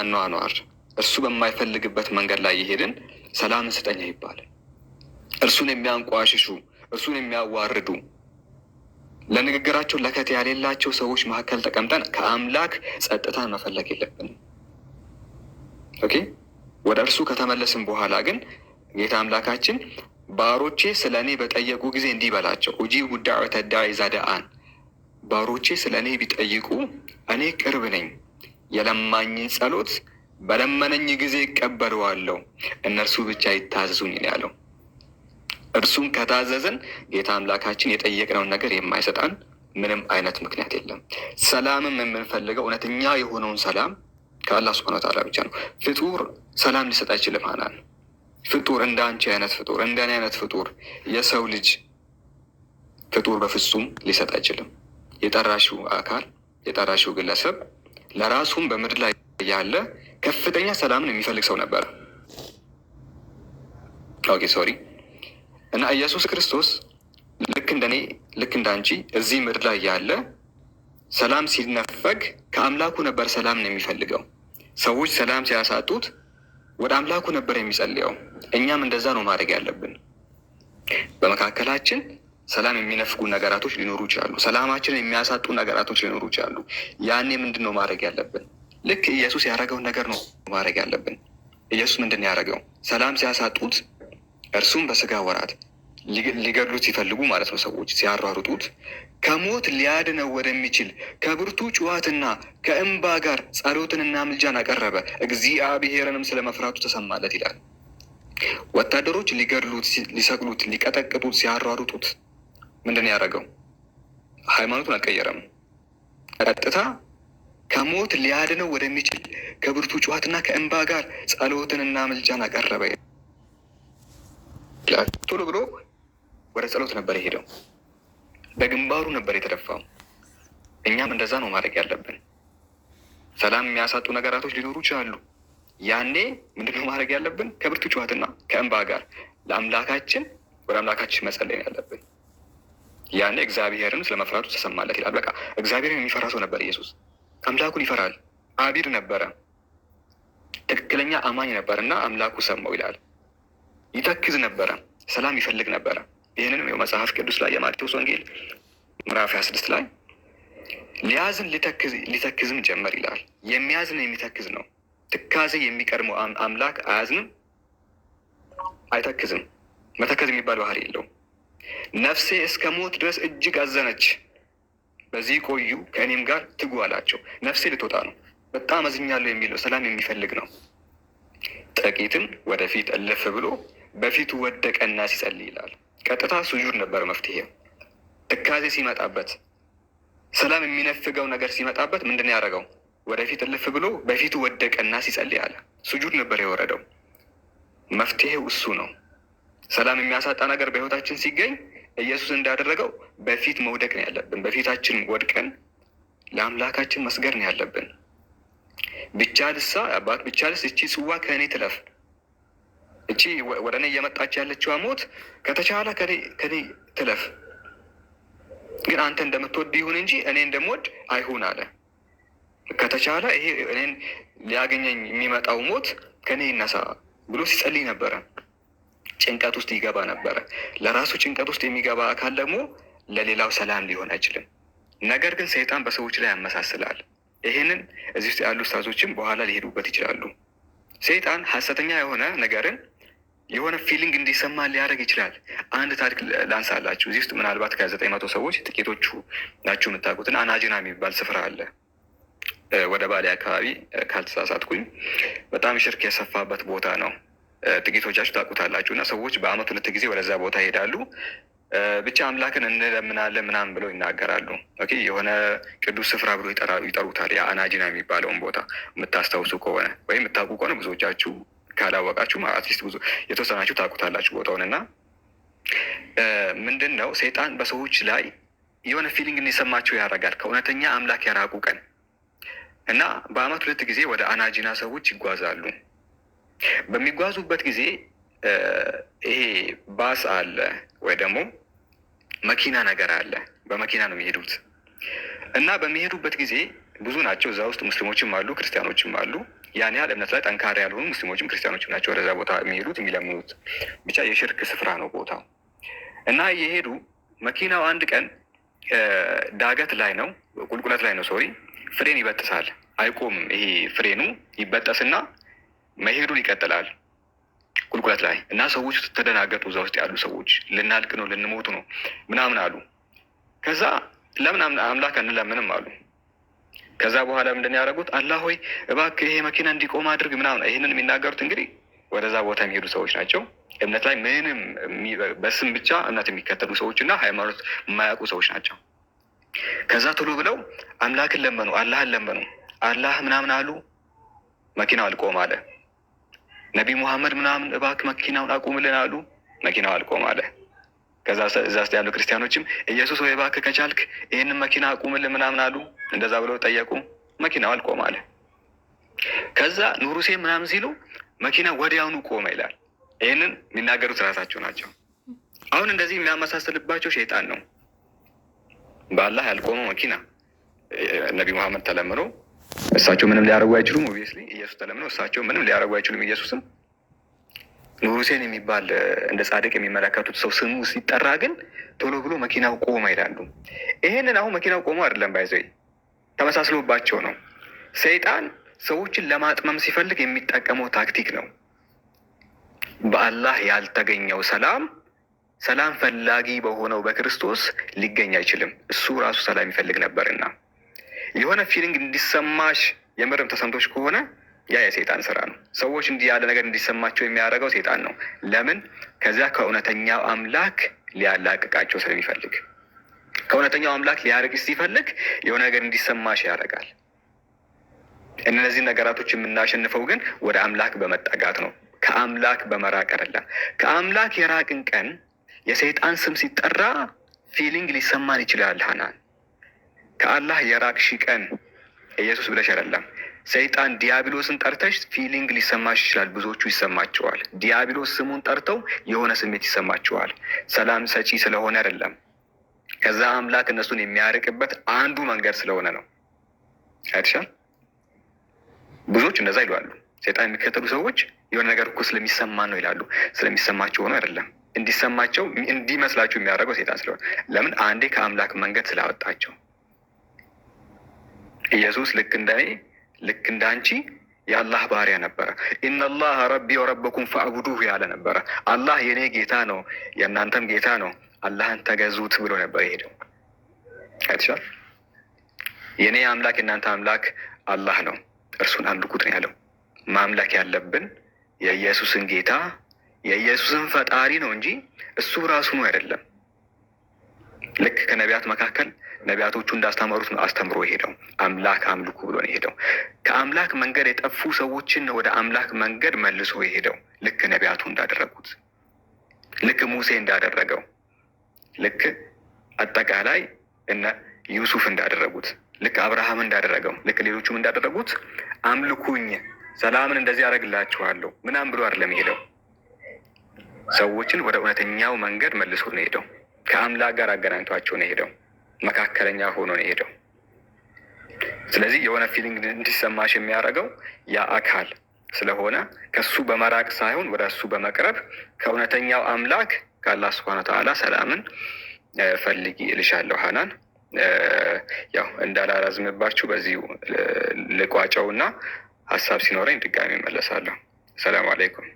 አኗኗር እርሱ በማይፈልግበት መንገድ ላይ የሄድን ሰላም ስጠኛ አይባልም። እርሱን የሚያንቋሽሹ እርሱን የሚያዋርዱ ለንግግራቸው ለከት ያሌላቸው ሰዎች መካከል ተቀምጠን ከአምላክ ጸጥታን መፈለግ የለብንም። ኦኬ ወደ እርሱ ከተመለስን በኋላ ግን ጌታ አምላካችን ባሮቼ ስለ እኔ በጠየቁ ጊዜ እንዲህ በላቸው፣ ኡጂቡ ጉዳዩ ተዳይ ኢዛ ባሮቼ ስለ እኔ ቢጠይቁ እኔ ቅርብ ነኝ የለማኝን ጸሎት በለመነኝ ጊዜ እቀበለዋለሁ፣ እነርሱ ብቻ ይታዘዙኝ ያለው። እርሱም ከታዘዘን ጌታ አምላካችን የጠየቅነውን ነገር የማይሰጣን ምንም አይነት ምክንያት የለም። ሰላምም የምንፈልገው እውነተኛ የሆነውን ሰላም ከአላህ ሱብሃነሁ ወተዓላ ብቻ ነው። ፍጡር ሰላም ሊሰጥ አይችልም። ሀናን ፍጡር እንደ አንቺ አይነት ፍጡር እንደ እኔ አይነት ፍጡር የሰው ልጅ ፍጡር በፍጹም ሊሰጥ አይችልም። የጠራሽው አካል የጠራሽው ግለሰብ ለራሱም በምድር ላይ ያለ ከፍተኛ ሰላምን የሚፈልግ ሰው ነበር። ኦኬ ሶሪ። እና ኢየሱስ ክርስቶስ ልክ እንደኔ ልክ እንዳንቺ እዚህ ምድር ላይ ያለ ሰላም ሲነፈግ ከአምላኩ ነበር ሰላምን የሚፈልገው። ሰዎች ሰላም ሲያሳጡት ወደ አምላኩ ነበር የሚጸልየው። እኛም እንደዛ ነው ማድረግ ያለብን በመካከላችን ሰላም የሚነፍጉ ነገራቶች ሊኖሩ ይችላሉ። ሰላማችንን የሚያሳጡ ነገራቶች ሊኖሩ ይችላሉ። ያኔ ምንድን ነው ማድረግ ያለብን? ልክ ኢየሱስ ያደረገውን ነገር ነው ማድረግ ያለብን። ኢየሱስ ምንድን ነው ያደረገው? ሰላም ሲያሳጡት እርሱም በስጋ ወራት ሊገድሉት ሲፈልጉ ማለት ነው ሰዎች ሲያሯሩጡት ከሞት ሊያድነው ወደሚችል ከብርቱ ጩኸትና ከእንባ ጋር ጸሎትንና ምልጃን አቀረበ፣ እግዚአብሔርንም ስለመፍራቱ ተሰማለት ይላል። ወታደሮች ሊገድሉት፣ ሊሰቅሉት፣ ሊቀጠቅጡት ሲያሯሩጡት ምንድን ያደረገው? ሃይማኖቱን አልቀየረም። ቀጥታ ከሞት ሊያድነው ወደሚችል ከብርቱ ጩኸትና ከእንባ ጋር ጸሎትንና ምልጃን አቀረበ ቶሎ ብሎ ወደ ጸሎት ነበር የሄደው። በግንባሩ ነበር የተደፋው። እኛም እንደዛ ነው ማድረግ ያለብን። ሰላም የሚያሳጡ ነገራቶች ሊኖሩ ይችላሉ። ያኔ ምንድነው ማድረግ ያለብን? ከብርቱ ጩኸትና ከእንባ ጋር ለአምላካችን ወደ አምላካችን መጸለይ ያለብን ያን እግዚአብሔርን ስለመፍራቱ ተሰማለት ይላል። በቃ እግዚአብሔርን የሚፈራ ሰው ነበር ኢየሱስ። አምላኩን ይፈራል። አቢር ነበረ፣ ትክክለኛ አማኝ ነበር እና አምላኩ ሰማው ይላል። ይተክዝ ነበረ፣ ሰላም ይፈልግ ነበረ። ይህንንም ው መጽሐፍ ቅዱስ ላይ የማቴዎስ ወንጌል ምዕራፍ ስድስት ላይ ሊያዝን ሊተክዝም ጀመር ይላል። የሚያዝን የሚተክዝ ነው። ትካዜ የሚቀድመው አምላክ አያዝንም፣ አይተክዝም። መተከዝ የሚባል ባህሪ የለውም። ነፍሴ እስከ ሞት ድረስ እጅግ አዘነች። በዚህ ቆዩ፣ ከእኔም ጋር ትጉ አላቸው። ነፍሴ ልትወጣ ነው። በጣም አዝኛለሁ የሚለው ሰላም የሚፈልግ ነው። ጥቂትም ወደፊት እልፍ ብሎ በፊቱ ወደቀና ሲጸልይ ይላል። ቀጥታ ሱጁድ ነበር መፍትሄው። ትካዜ ሲመጣበት፣ ሰላም የሚነፍገው ነገር ሲመጣበት ምንድን ያደረገው? ወደፊት እልፍ ብሎ በፊቱ ወደቀና ሲጸልይ አለ። ሱጁድ ነበር የወረደው። መፍትሄው እሱ ነው። ሰላም የሚያሳጣ ነገር በህይወታችን ሲገኝ ኢየሱስ እንዳደረገው በፊት መውደቅ ነው ያለብን። በፊታችን ወድቀን ለአምላካችን መስገር ነው ያለብን። ብቻ ልሳ አባት ብቻ ልስ እቺ ጽዋ ከእኔ ትለፍ፣ እቺ ወደ እኔ እየመጣች ያለችዋ ሞት ከተቻለ ከእኔ ትለፍ፣ ግን አንተ እንደምትወድ ይሁን እንጂ እኔ እንደምወድ አይሁን አለ። ከተቻለ ይሄ እኔን ሊያገኘኝ የሚመጣው ሞት ከእኔ ይነሳ ብሎ ሲጸልይ ነበረ። ጭንቀት ውስጥ ይገባ ነበረ። ለራሱ ጭንቀት ውስጥ የሚገባ አካል ደግሞ ለሌላው ሰላም ሊሆን አይችልም። ነገር ግን ሰይጣን በሰዎች ላይ ያመሳስላል። ይህንን እዚህ ውስጥ ያሉ ስታዞችም በኋላ ሊሄዱበት ይችላሉ። ሰይጣን ሀሰተኛ የሆነ ነገርን የሆነ ፊሊንግ እንዲሰማ ሊያደርግ ይችላል። አንድ ታሪክ ላንሳላችሁ። እዚህ ውስጥ ምናልባት ከዘጠኝ መቶ ሰዎች ጥቂቶቹ ናችሁ የምታውቁትን አናጅና የሚባል ስፍራ አለ ወደ ባሌ አካባቢ ካልተሳሳትኩኝ፣ በጣም ሽርክ የሰፋበት ቦታ ነው። ጥቂቶቻችሁ ታውቁታላችሁ። እና ሰዎች በአመት ሁለት ጊዜ ወደዛ ቦታ ይሄዳሉ። ብቻ አምላክን እንለምናለን ምናምን ብለው ይናገራሉ። የሆነ ቅዱስ ስፍራ ብሎ ይጠሩታል። የአናጂና የሚባለውን ቦታ የምታስታውሱ ከሆነ ወይም የምታውቁ ከሆነ ብዙዎቻችሁ ካላወቃችሁ አትሊስት ብዙ የተወሰናችሁ ታውቁታላችሁ ቦታውን እና ምንድን ነው ሰይጣን በሰዎች ላይ የሆነ ፊሊንግ እንዲሰማቸው ያደርጋል። ከእውነተኛ አምላክ ያራቁ ቀን እና በአመት ሁለት ጊዜ ወደ አናጂና ሰዎች ይጓዛሉ። በሚጓዙበት ጊዜ ይሄ ባስ አለ ወይ ደግሞ መኪና ነገር አለ። በመኪና ነው የሚሄዱት እና በሚሄዱበት ጊዜ ብዙ ናቸው። እዛ ውስጥ ሙስሊሞችም አሉ፣ ክርስቲያኖችም አሉ። ያን ያህል እምነት ላይ ጠንካራ ያልሆኑ ሙስሊሞችም ክርስቲያኖችም ናቸው ወደዛ ቦታ የሚሄዱት የሚለምኑት። ብቻ የሽርክ ስፍራ ነው ቦታው እና እየሄዱ መኪናው አንድ ቀን ዳገት ላይ ነው ቁልቁለት ላይ ነው ሶሪ፣ ፍሬን ይበጥሳል። አይቆምም። ይሄ ፍሬኑ ይበጠስና መሄዱን ይቀጥላል ቁልቁለት ላይ እና ሰዎች ተደናገጡ። እዛ ውስጥ ያሉ ሰዎች ልናልቅ ነው ልንሞቱ ነው ምናምን አሉ። ከዛ ለምን አምላክ እንለምንም አሉ። ከዛ በኋላ ምንድን ያደረጉት አላ ሆይ እባክህ ይሄ መኪና እንዲቆም አድርግ ምናምን። ይህንን የሚናገሩት እንግዲህ ወደዛ ቦታ የሚሄዱ ሰዎች ናቸው። እምነት ላይ ምንም በስም ብቻ እምነት የሚከተሉ ሰዎች እና ሃይማኖት የማያውቁ ሰዎች ናቸው። ከዛ ቶሎ ብለው አምላክን ለመኑ፣ አላህን ለመኑ። አላህ ምናምን አሉ። መኪናው አልቆም አለ። ነቢ ሙሐመድ ምናምን እባክ መኪናውን አቁምልን አሉ። መኪናው አልቆም አለ። ከዛ እዛ ውስጥ ያሉ ክርስቲያኖችም ኢየሱስ ወይ እባክ ከቻልክ ይህንን መኪና አቁምልን ምናምን አሉ። እንደዛ ብለው ጠየቁ። መኪናው አልቆም አለ። ከዛ ኑሩሴ ምናምን ሲሉ መኪና ወዲያውኑ ቆመ ይላል። ይህንን የሚናገሩት ራሳቸው ናቸው። አሁን እንደዚህ የሚያመሳስልባቸው ሸይጣን ነው። በአላህ ያልቆመው መኪና ነቢ ሙሐመድ ተለምኖ እሳቸው ምንም ሊያደርጉ አይችሉም። ኦብቪየስሊ ኢየሱስ ተለምነው እሳቸው ምንም ሊያደርጉ አይችሉም። ኢየሱስም ኑር ሁሴን የሚባል እንደ ጻድቅ የሚመለከቱት ሰው ስሙ ሲጠራ ግን ቶሎ ብሎ መኪናው ቆመ ይላሉ። ይሄንን አሁን መኪናው ቆሞ አይደለም ባይዘይ ተመሳስሎባቸው ነው። ሰይጣን ሰዎችን ለማጥመም ሲፈልግ የሚጠቀመው ታክቲክ ነው። በአላህ ያልተገኘው ሰላም ሰላም ፈላጊ በሆነው በክርስቶስ ሊገኝ አይችልም። እሱ ራሱ ሰላም ይፈልግ ነበርና የሆነ ፊሊንግ እንዲሰማሽ የምርም ተሰምቶች ከሆነ ያ የሴጣን ስራ ነው። ሰዎች እንዲህ ያለ ነገር እንዲሰማቸው የሚያደርገው ሴጣን ነው። ለምን? ከዚያ ከእውነተኛው አምላክ ሊያላቅቃቸው ስለሚፈልግ ከእውነተኛው አምላክ ሊያርቅሽ ሲፈልግ የሆነ ነገር እንዲሰማሽ ያደርጋል። እነዚህ ነገራቶች የምናሸንፈው ግን ወደ አምላክ በመጠጋት ነው፣ ከአምላክ በመራቅ አይደለም። ከአምላክ የራቅን ቀን የሰይጣን ስም ሲጠራ ፊሊንግ ሊሰማን ይችላል። ሀናን ከአላህ የራቅሽ ቀን ኢየሱስ ብለሽ አይደለም። ሰይጣን ዲያብሎስን ጠርተሽ ፊሊንግ ሊሰማሽ ይችላል። ብዙዎቹ ይሰማቸዋል። ዲያብሎስ ስሙን ጠርተው የሆነ ስሜት ይሰማቸዋል። ሰላም ሰጪ ስለሆነ አይደለም። ከዛ አምላክ እነሱን የሚያርቅበት አንዱ መንገድ ስለሆነ ነው። አይተሻል። ብዙዎች እንደዛ ይለዋሉ። ሰይጣን የሚከተሉ ሰዎች የሆነ ነገር እኮ ስለሚሰማ ነው ይላሉ። ስለሚሰማቸው ሆነ አይደለም። እንዲሰማቸው እንዲመስላቸው የሚያደርገው ሰይጣን ስለሆነ ለምን አንዴ ከአምላክ መንገድ ስላወጣቸው ኢየሱስ ልክ እንደኔ ልክ እንደ አንቺ የአላህ ባሪያ ነበረ። ኢነላህ ረቢ ወረበኩም ፈአቡዱሁ ያለ ነበረ። አላህ የእኔ ጌታ ነው የእናንተም ጌታ ነው፣ አላህን ተገዙት ብሎ ነበር። ይሄደው አይተሻል። የእኔ አምላክ የእናንተ አምላክ አላህ ነው፣ እርሱን አምልኩት ነው ያለው። ማምላክ ያለብን የኢየሱስን ጌታ የኢየሱስን ፈጣሪ ነው እንጂ እሱ ራሱ ነው አይደለም። ልክ ከነቢያት መካከል ነቢያቶቹ እንዳስተምሩት ነው አስተምሮ የሄደው። አምላክ አምልኩ ብሎ ነው የሄደው። ከአምላክ መንገድ የጠፉ ሰዎችን ወደ አምላክ መንገድ መልሶ የሄደው ልክ ነቢያቱ እንዳደረጉት፣ ልክ ሙሴ እንዳደረገው፣ ልክ አጠቃላይ እነ ዩሱፍ እንዳደረጉት፣ ልክ አብርሃም እንዳደረገው፣ ልክ ሌሎቹም እንዳደረጉት አምልኩኝ፣ ሰላምን እንደዚህ አደርግላችኋለሁ ምናምን ብሎ አይደለም የሄደው። ሰዎችን ወደ እውነተኛው መንገድ መልሶ ነው የሄደው። ከአምላክ ጋር አገናኝቷቸው ነው የሄደው። መካከለኛ ሆኖ ነው የሄደው። ስለዚህ የሆነ ፊሊንግ እንዲሰማሽ የሚያደርገው ያ አካል ስለሆነ ከሱ በመራቅ ሳይሆን ወደ እሱ በመቅረብ ከእውነተኛው አምላክ ከአላህ ስብሐነ ተዓላ ሰላምን ፈልጊ እልሻለሁ። ሀናን ያው እንዳላራዝምባችሁ በዚሁ ልቋጨውና ሀሳብ ሲኖረኝ ድጋሚ እመለሳለሁ። ሰላም አለይኩም።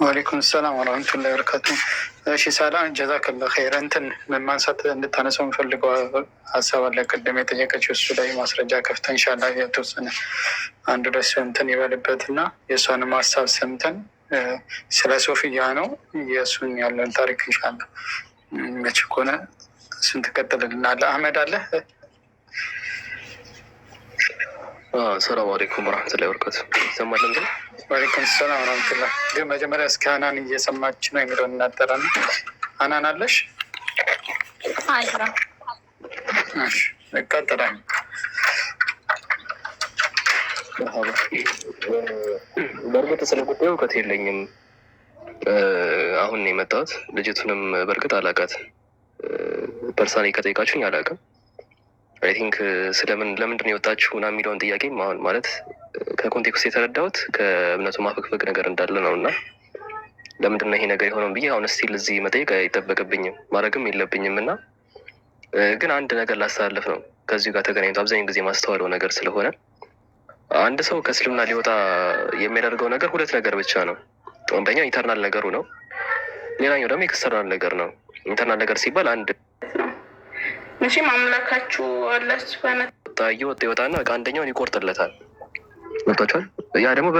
ወአሌይኩም ሰላም ወረህመቱላ በረካቱ። እሺ ሰላም ጀዛከላ ኸይር። እንትን ማንሳት እንድታነሰው የምፈልገው ሀሳብ አለ። ቅድም የጠየቀችው እሱ ላይ ማስረጃ ከፍተን እንሻላ የተወሰነ አንድ ሁለት ሰው እንትን ይበልበት እና የእሷንም ሀሳብ ሰምተን ስለ ሶፍያ ነው የእሱን ያለን ታሪክ እንሻላ መች ከሆነ እሱን ትቀጥልልናለ። አህመድ አለ። ሰላም አለይኩም ወረህመቱላ በረካቱ። ይሰማል እንግዲህ ወአለይኩም ሰላም ረመቱላ። ግን መጀመሪያ እስከ ሀናን እየሰማች ነው የሚለውን እናጠራ ነው። ሀናን አለሽ? ይቀጥላል። በእርግጥ ስለ ጉዳዩ እውቀት የለኝም። አሁን የመጣሁት ልጅቱንም በእርግጥ አላውቃት። ፐርሳኔ ከጠይቃችሁኝ አላውቅም አይ ቲንክ uh, ስለምን ለምንድን የወጣችሁ ና የሚለውን ጥያቄ አሁን ማለት uh, ከኮንቴክስት የተረዳሁት ከእምነቱ ማፈግፈግ ነገር እንዳለ ነው እና ለምንድን ነው ይሄ ነገር የሆነው ብዬ አሁን ስቲል እዚህ መጠየቅ አይጠበቅብኝም ማድረግም የለብኝም እና ግን አንድ ነገር ላስተላለፍ ነው ከዚሁ ጋር ተገናኝቶ አብዛኛው ጊዜ ማስተዋለው ነገር ስለሆነ አንድ ሰው ከእስልምና ሊወጣ የሚያደርገው ነገር ሁለት ነገር ብቻ ነው። አንደኛው ኢንተርናል ነገሩ ነው፣ ሌላኛው ደግሞ ኤክስተርናል ነገር ነው። ኢንተርናል ነገር ሲባል አንድ መቼም አምላካችሁ አላስባነት ጣየ ወጥ ይወጣና አንደኛውን ይቆርጥለታል። መጥቷቸዋል ያ ደግሞ